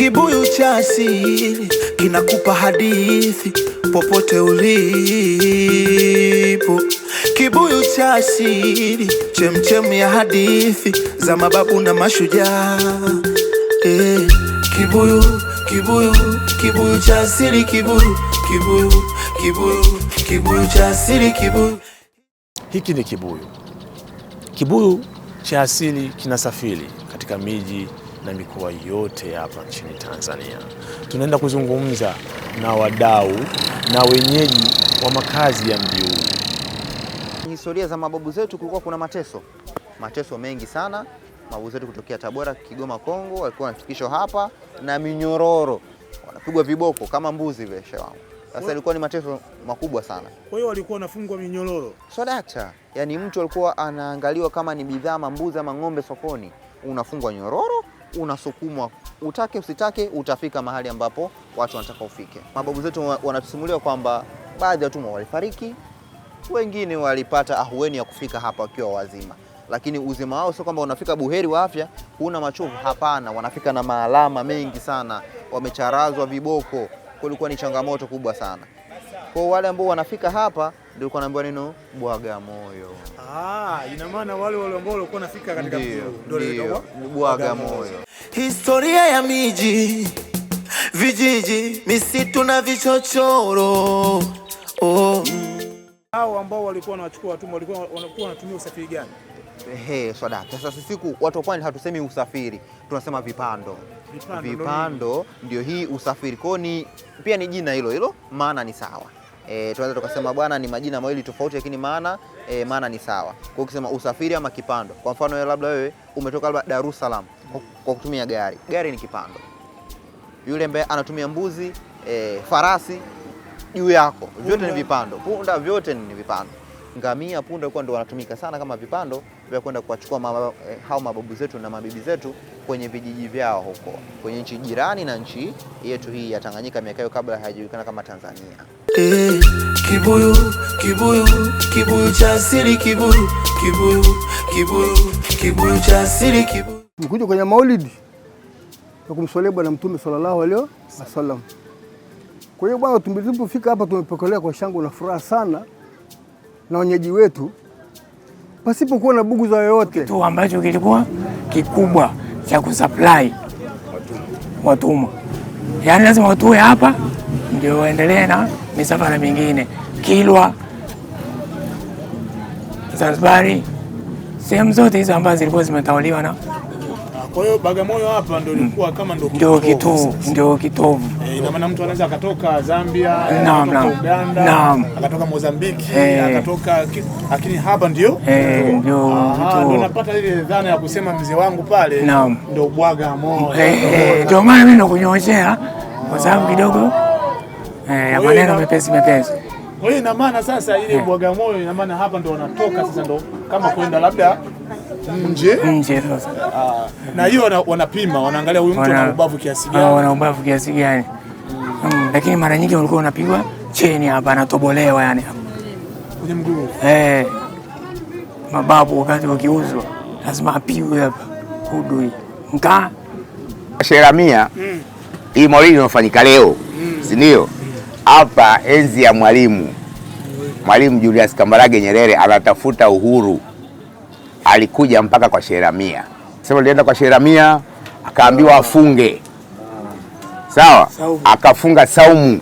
Kibuyu cha asili kinakupa hadithi popote ulipo. Kibuyu cha asili, chemchem ya hadithi za mababu na mashujaa eh. Kibuyu, kibuyu, kibuyu cha asili, kibuyu, kibuyu, kibuyu, kibuyu cha asili, kibuyu. Hiki ni kibuyu, kibuyu cha asili kinasafiri katika miji na mikoa yote hapa nchini Tanzania. Tunaenda kuzungumza na wadau na wenyeji wa makazi ya mji huu. Historia za mababu zetu, kulikuwa kuna mateso, mateso mengi sana. Mababu zetu kutokea Tabora, Kigoma, Kongo walikuwa wanafikishwa hapa na minyororo, wanapigwa viboko kama mbuzi vile wao Sasa ilikuwa ni mateso makubwa sana. Kwa hiyo walikuwa wanafungwa minyororo. So dakta, yani mtu alikuwa anaangaliwa kama ni bidhaa mambuzi ama ng'ombe sokoni, unafungwa nyororo unasukumwa, utake usitake, utafika mahali ambapo watu wanataka ufike. Mababu zetu wanatusimulia kwamba baadhi ya watumwa walifariki, wengine walipata ahueni ya kufika hapa wakiwa wazima, lakini uzima wao sio kwamba unafika buheri wa afya, huna machovu. Hapana, wanafika na maalama mengi sana, wamecharazwa viboko. Kulikuwa ni changamoto kubwa sana kwa wale ambao wanafika hapa ndio naambiwa neno bwaga moyo. Ah, ina maana wale wale ambao walikuwa nafika katika ndio bwaga moyo. Historia ya miji, vijiji, misitu na vichochoro oh. Hao ambao walikuwa wanachukua watumwa walikuwa wanakuwa wanatumia usafiri gani? Ehe, swada. Sasa siku watu wa pwani hatusemi usafiri, tunasema vipando. Vipando, vipando ndio hii usafiri kwao, ni pia ni jina hilo hilo, maana ni sawa. E, tunaweza tukasema bwana ni majina mawili tofauti lakini maana e, maana ni sawa. Kwa hiyo ukisema usafiri ama kipando, kwa mfano wewe labda wewe umetoka labda Dar es Salaam kwa kutumia gari, gari ni kipando. Yule ambaye anatumia mbuzi e, farasi juu yako, vyote ni vipando. Punda vyote ni vipando. Ngamia, punda kwa ndio wanatumika sana kama vipando vya kwenda kuwachukua mama, e, hao mababu zetu na mabibi zetu kwenye vijiji vyao huko kwenye nchi jirani na nchi yetu hii ya Tanganyika miaka hiyo kabla haijulikana kama Tanzania eh. Kibuyu, kibuyu, kibuyu cha asili, kibuyu, kibuyu, kibuyu, kibuyu cha asili, kibuyu. Nikuja kwenye maulidi na kumswalia Bwana Mtume sallallahu alaihi wasallam. Kwa hiyo bwana, tulipofika hapa tumepokelewa kwa shangwe na furaha sana na wenyeji wetu pasipokuwa na bugu za yoyote. Kitu ambacho kilikuwa kikubwa cha kusupply watumwa, yaani lazima watue hapa ndio waendelee na misafara mingine Kilwa, Zanzibari, sehemu zote hizo ambazo zilikuwa zimetawaliwa na ah, kwa hiyo Bagamoyo hapa ndio hmm. ilikuwa kama ndio ndio kitovu ndio kitovu. Eh, ina maana mtu anaweza akatoka Zambia, akatoka Uganda, akatoka Mozambiki, eh. akatoka lakini hapa ndio ndio eh, kitovu. ndio unapata ile dhana ya kusema mzee wangu pale ndio Bagamoyo. Ndio maana mimi nakunyoshea kwa sababu ah. kidogo Eh, maneno mepesi mepesi. Kwa hiyo ina maana sasa ile eh. Bagamoyo ina maana hapa ndo wanatoka sasa, ndo kama kwenda labda nje nje sasa. Ah, na hiyo wanapima, wanaangalia huyu mtu ana ubavu kiasi gani, ah, ana ubavu kiasi gani. Hmm, lakini mara nyingi walikuwa wanapigwa cheni hapa, anatobolewa yani kwenye mguu eh, mababu wakati wakiuzwa lazima apigwe hapa udui Mka. sheramia hmm. hii maulidi inafanyika leo, hmm. si ndio? hapa enzi ya Mwalimu Mwalimu Julius Kambarage Nyerere anatafuta uhuru, alikuja mpaka kwa Sheramia. Sema alienda kwa Sheramia akaambiwa afunge, sawa, akafunga saumu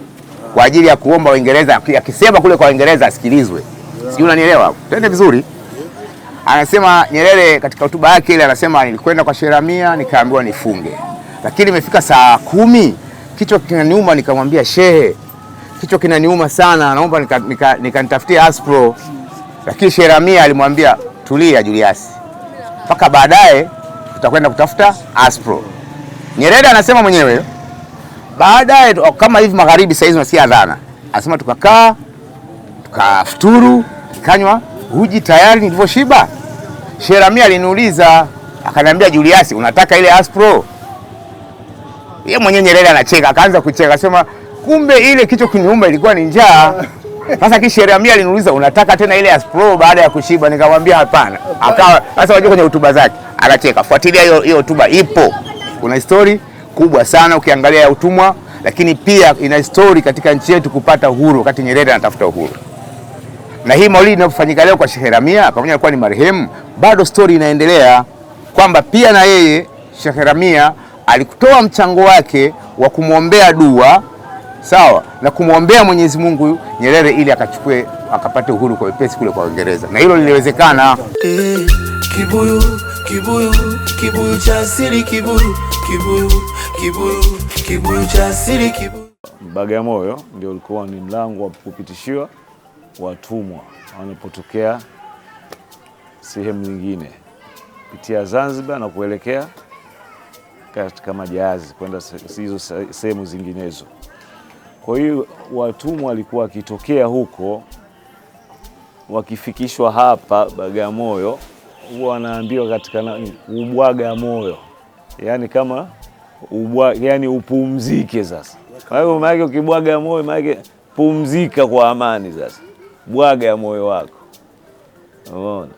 kwa ajili ya kuomba Waingereza, akisema kule kwa Waingereza asikilizwe, sijui unanielewa, twende vizuri. Anasema Nyerere katika hotuba yake ile, anasema nilikwenda kwa Sheramia nikaambiwa nifunge, lakini imefika saa kumi kichwa kinaniuma, nikamwambia shehe kichwa kinaniuma sana, naomba nikanitafutie nika, nika aspro. Lakini Sheramia alimwambia tulia Julius, mpaka baadaye tutakwenda kutafuta aspro. Nyerere anasema mwenyewe baadaye, kama hivi magharibi saa hizi unasikia adhana, anasema tukakaa tukafuturu kanywa uji tayari nilivyoshiba. Sheramia aliniuliza akaniambia, Julius, unataka ile aspro? Yeye mwenyewe Nyerere anacheka, akaanza kucheka, akasema Kumbe ile kichwa kuniumba ilikuwa ni njaa. Sasa kisheramia aliniuliza unataka tena ile aspro baada ya kushiba, nikamwambia hapana. Akawa sasa wajua kwenye hotuba zake anacheka, fuatilia hiyo hiyo hotuba ipo, kuna histori kubwa sana ukiangalia ya utumwa, lakini pia ina histori katika nchi yetu kupata uhuru, wakati Nyerere anatafuta uhuru na hii maulidi inayofanyika leo kwa Sheikh Ramia pamoja na kuwa ni marehemu, bado story inaendelea kwamba pia na yeye Sheikh Ramia alikutoa mchango wake wa kumwombea dua sawa na kumwombea Mwenyezi Mungu Nyerere ili akachukue akapate uhuru kwa wepesi kule kwa Uingereza, na hilo liliwezekana. Eh, kibuyu kibuyu kibuyu cha asili kibuyu kibuyu kibuyu kibuyu cha asili kibuyu. Bagamoyo ndio ulikuwa ni mlango wa kupitishiwa watumwa wanapotokea sehemu nyingine kupitia Zanzibar na kuelekea katika majahazi kwenda hizo sehemu zinginezo. Kwa hiyo watumwa walikuwa wakitokea huko wakifikishwa hapa Bagamoyo, huwa wanaambiwa katika ubwaga moyo, yaani kama ubwa, yani upumzike sasa. Kwa hiyo maana ukibwaga moyo, maana pumzika kwa amani sasa, bwaga ya moyo wako. Umeona?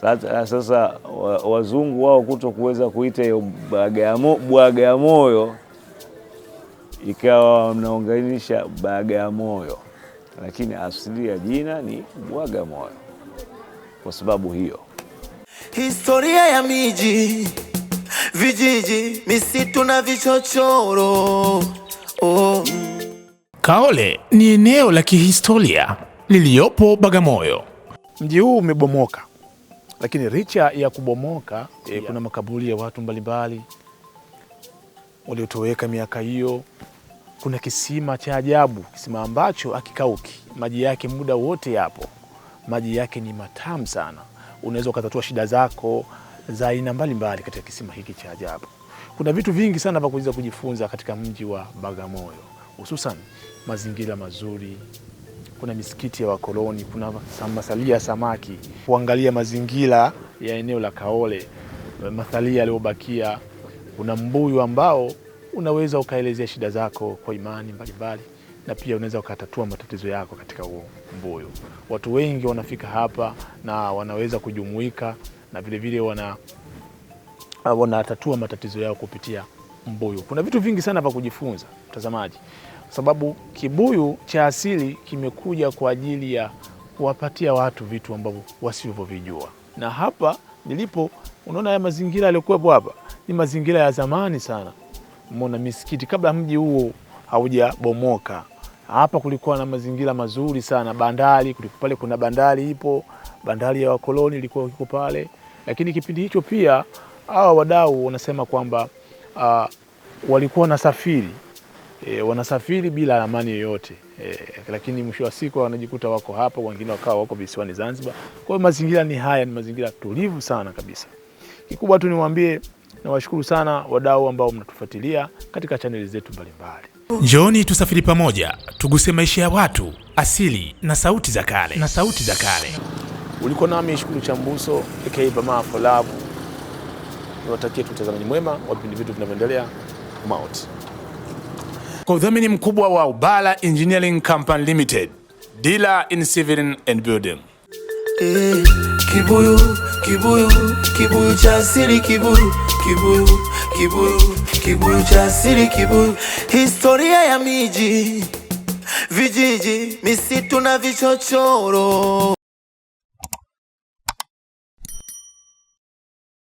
Sasa, sasa wazungu wao kuto kuweza kuita hiyo bwaga moyo ikawa mnaunganisha Bagamoyo, lakini asili ya jina ni Bwagamoyo kwa sababu hiyo. Historia ya miji, vijiji, misitu na vichochoro oh. Kaole ni eneo la kihistoria liliyopo Bagamoyo. Mji huu umebomoka, lakini richa ya kubomoka yeah. kuna makaburi ya watu mbalimbali waliotoweka miaka hiyo kuna kisima cha ajabu, kisima ambacho akikauki, maji yake muda wote yapo, maji yake ni matamu sana. Unaweza ukatatua shida zako za aina mbalimbali katika kisima hiki cha ajabu. Kuna vitu vingi sana vya kuweza kujifunza katika mji wa Bagamoyo, hususan mazingira mazuri. Kuna misikiti ya wakoloni, kuna masalia ya samaki, kuangalia mazingira ya eneo la Kaole, masalia yaliyobakia, kuna mbuyu ambao unaweza ukaelezea shida zako kwa imani mbalimbali na pia unaweza ukatatua matatizo yako katika huo mbuyu. Watu wengi wanafika hapa na wanaweza kujumuika na vilevile wana wanatatua matatizo yao kupitia mbuyu. Kuna vitu vingi sana vya kujifunza, mtazamaji, kwa sababu kibuyu cha asili kimekuja kwa ajili ya kuwapatia watu vitu ambavyo wasivyovijua. Na hapa nilipo, unaona haya mazingira yaliyokuwepo hapa ni mazingira ya zamani sana mona misikiti kabla mji huo haujabomoka. Hapa kulikuwa na mazingira mazuri sana, bandari kulikuwa pale, kuna bandari ipo, bandari ya wakoloni ilikuwa iko pale. Lakini kipindi hicho pia hawa wadau wanasema kwamba uh, walikuwa wanasafiri e, wanasafiri bila amani yoyote e, lakini mwisho wa siku wanajikuta wako hapa, wengine wakawa wako visiwani Zanzibar. Kwa hiyo mazingira ni haya, ni mazingira tulivu sana kabisa. Kikubwa tu niwaambie Nawashukuru sana wadau ambao mnatufuatilia katika chaneli zetu mbalimbali. Njooni tusafiri pamoja, tuguse maisha ya watu, asili na sauti za kale na sauti za kale. Uliko nami Shukuru Chambuso aka Bamaa for Love. Niwatakie tu utazamaji mwema wa vipindi vyetu vinavyoendelea MAUT. Kwa udhamini mkubwa wa Ubala Engineering Company Limited, dealer in civil and building. Eh, kibuyu kibuyu kibuyu cha asili kibuyu Kibu, kibu, kibu cha asili kibu. Historia ya miji, vijiji, misitu na vichochoro